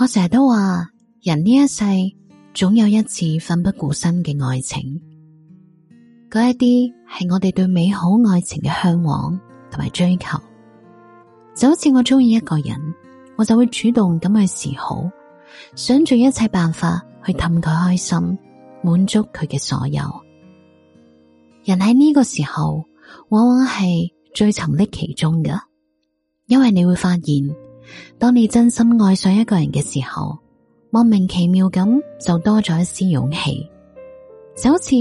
我成日都話，人呢一世總有一次奮不顧身嘅愛情，嗰一啲係我哋對美好愛情嘅向往同埋追求。就好似我中意一個人，我就會主動咁去示好，想盡一切辦法去氹佢開心，滿足佢嘅所有。人喺呢個時候，往往係最沉溺其中㗎，因為你會發現。當你真心愛上一個人嘅時候，莫名其妙咁就多咗一絲勇氣。首次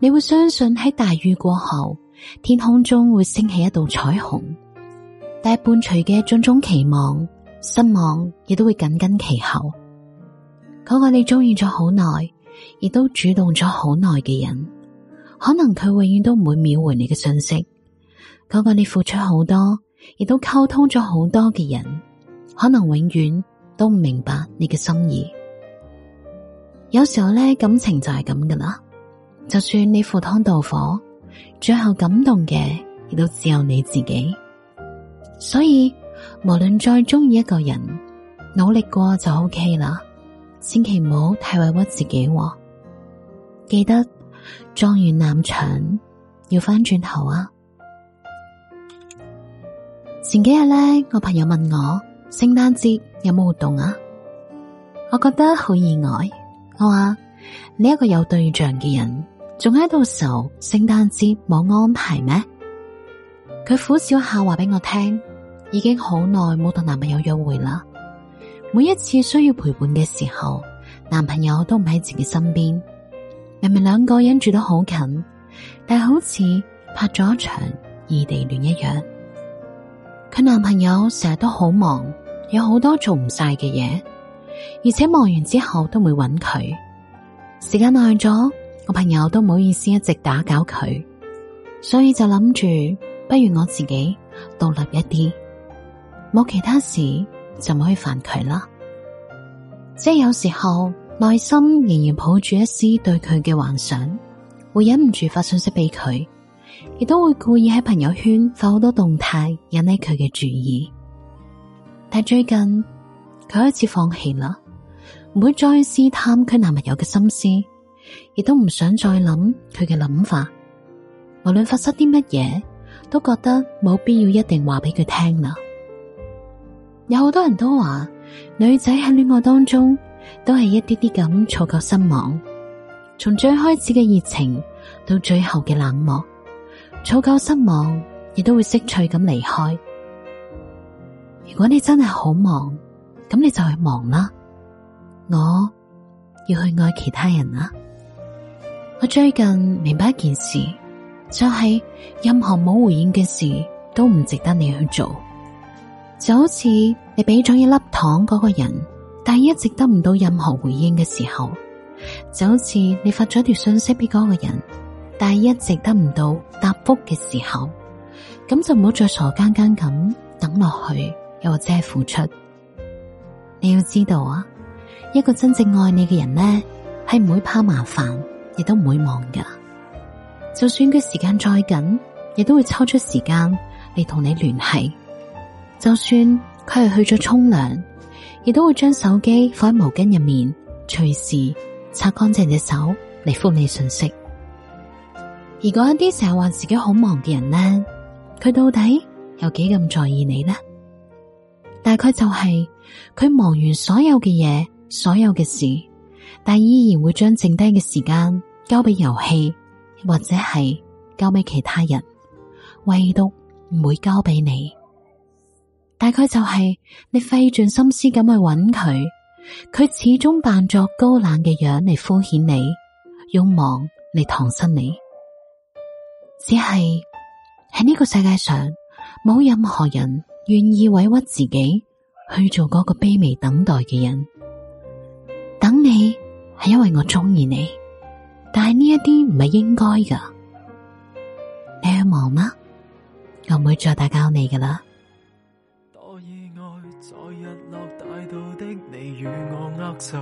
你會相信喺大雨過後，天空中會升起一道彩虹，但係伴隨嘅一種種期望、失望，亦都會緊跟其後。嗰、那個你中意咗好耐，亦都主動咗好耐嘅人，可能佢永遠都唔會秒回你嘅訊息。嗰、那個你付出好多，亦都溝通咗好多嘅人。可能永遠都唔明白你嘅心意，有時候呢，感情就係咁噶啦。就算你赴湯蹈火，最後感動嘅亦都只有你自己。所以無論再中意一個人，努力過就 OK 啦，千祈唔好太委屈自己哦。記得撞完南牆，要翻轉頭啊！前幾日呢，我朋友問我。聖誕節有冇活動啊？我覺得好意外。我、哦、話、啊、你一個有對象嘅人，仲喺度愁聖誕節冇安排咩？佢苦笑下，話俾我聽，已經好耐冇同男朋友約會啦。每一次需要陪伴嘅時候，男朋友都唔喺自己身邊。明明兩個人住得好近，但係好似拍咗一場異地戀一樣。佢男朋友成日都好忙。有好多做唔晒嘅嘢，而且忙完之後都會揾佢。時間耐咗，我朋友都唔好意思一直打攪佢，所以就諗住不如我自己獨立一啲，冇其他事就唔可以煩佢啦。即係有時候內心仍然抱住一絲對佢嘅幻想，會忍唔住發信息俾佢，亦都會故意喺朋友圈發好多動態，引起佢嘅注意。但最近佢開始放棄啦，唔會再去試探佢男朋友嘅心思，亦都唔想再諗佢嘅諗法。無論發生啲乜嘢，都覺得冇必要一定話俾佢聽啦。有好多人都話，女仔喺戀愛當中都係一啲啲咁儲夠失望，從最開始嘅熱情到最後嘅冷漠，儲夠失望亦都會識趣咁離開。如果你真係好忙，咁你就去忙啦。我要去愛其他人啦。我最近明白一件事，就係任何冇回應嘅事都唔值得你去做。就好似你俾咗一粒糖嗰個人，但一直得唔到任何回應嘅時候，就好似你發咗條信息俾嗰個人，但一直得唔到答覆嘅時候，咁就唔好再傻更更咁等落去。又或者係付出，你要知道啊，一個真正愛你嘅人呢，係唔會怕麻煩，亦都唔會忙㗎。就算佢時間再緊，亦都會抽出時間嚟同你聯繫。就算佢係去咗沖涼，亦都會將手機放喺毛巾入面，隨時擦乾淨隻手嚟覆你信息。而嗰一啲成日話自己好忙嘅人呢，佢到底有幾咁在意你呢？大概就係、是、佢忙完所有嘅嘢，所有嘅事，但依然會將剩低嘅時間交俾遊戲，或者係交俾其他人，唯獨唔會交俾你。大概就係、是、你費盡心思咁去揾佢，佢始終扮作高冷嘅樣嚟敷衍你，用忙嚟搪塞你。只係喺呢個世界上，冇任何人願意委屈自己。去做嗰個卑微等待嘅人，等你係因為我中意你，但係呢一啲唔係應該噶。你去忙啦，我唔會再打攪你噶啦。多意外，在日落大道的你與我握手，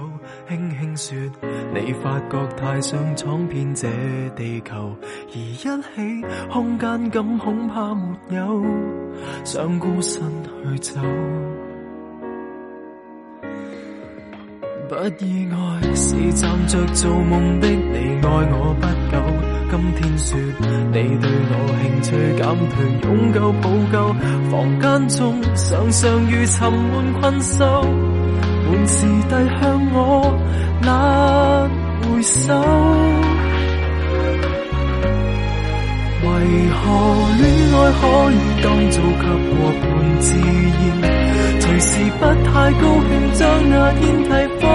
輕輕說：你發覺太想闖遍這地球，而一起空間噉恐怕沒有，想孤身去走。不意外是站着做夢的你愛我不久，今天説你對我興趣減退，擁夠抱夠，房間中常常如沉悶困獸，門匙遞向我那回首。 為何戀愛可以當做吸過半支煙，隨時不太高興，將那煙蒂。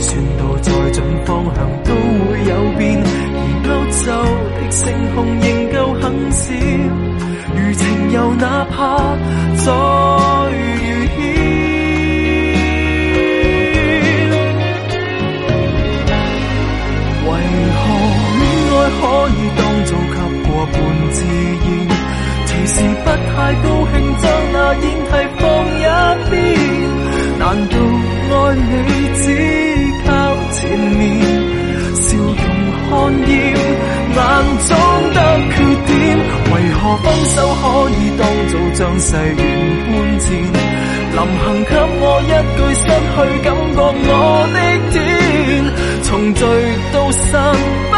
船到再盡方向都會有變，而歐洲的星空仍夠很少。如情由，哪怕再遇險。 為何戀愛可以當做吸過半支煙？其實不太高興，將那煙蒂放一邊。難道愛你只？為何分手可以當做將細軟搬遷？臨行給我一句失去感覺我的天，從聚到散。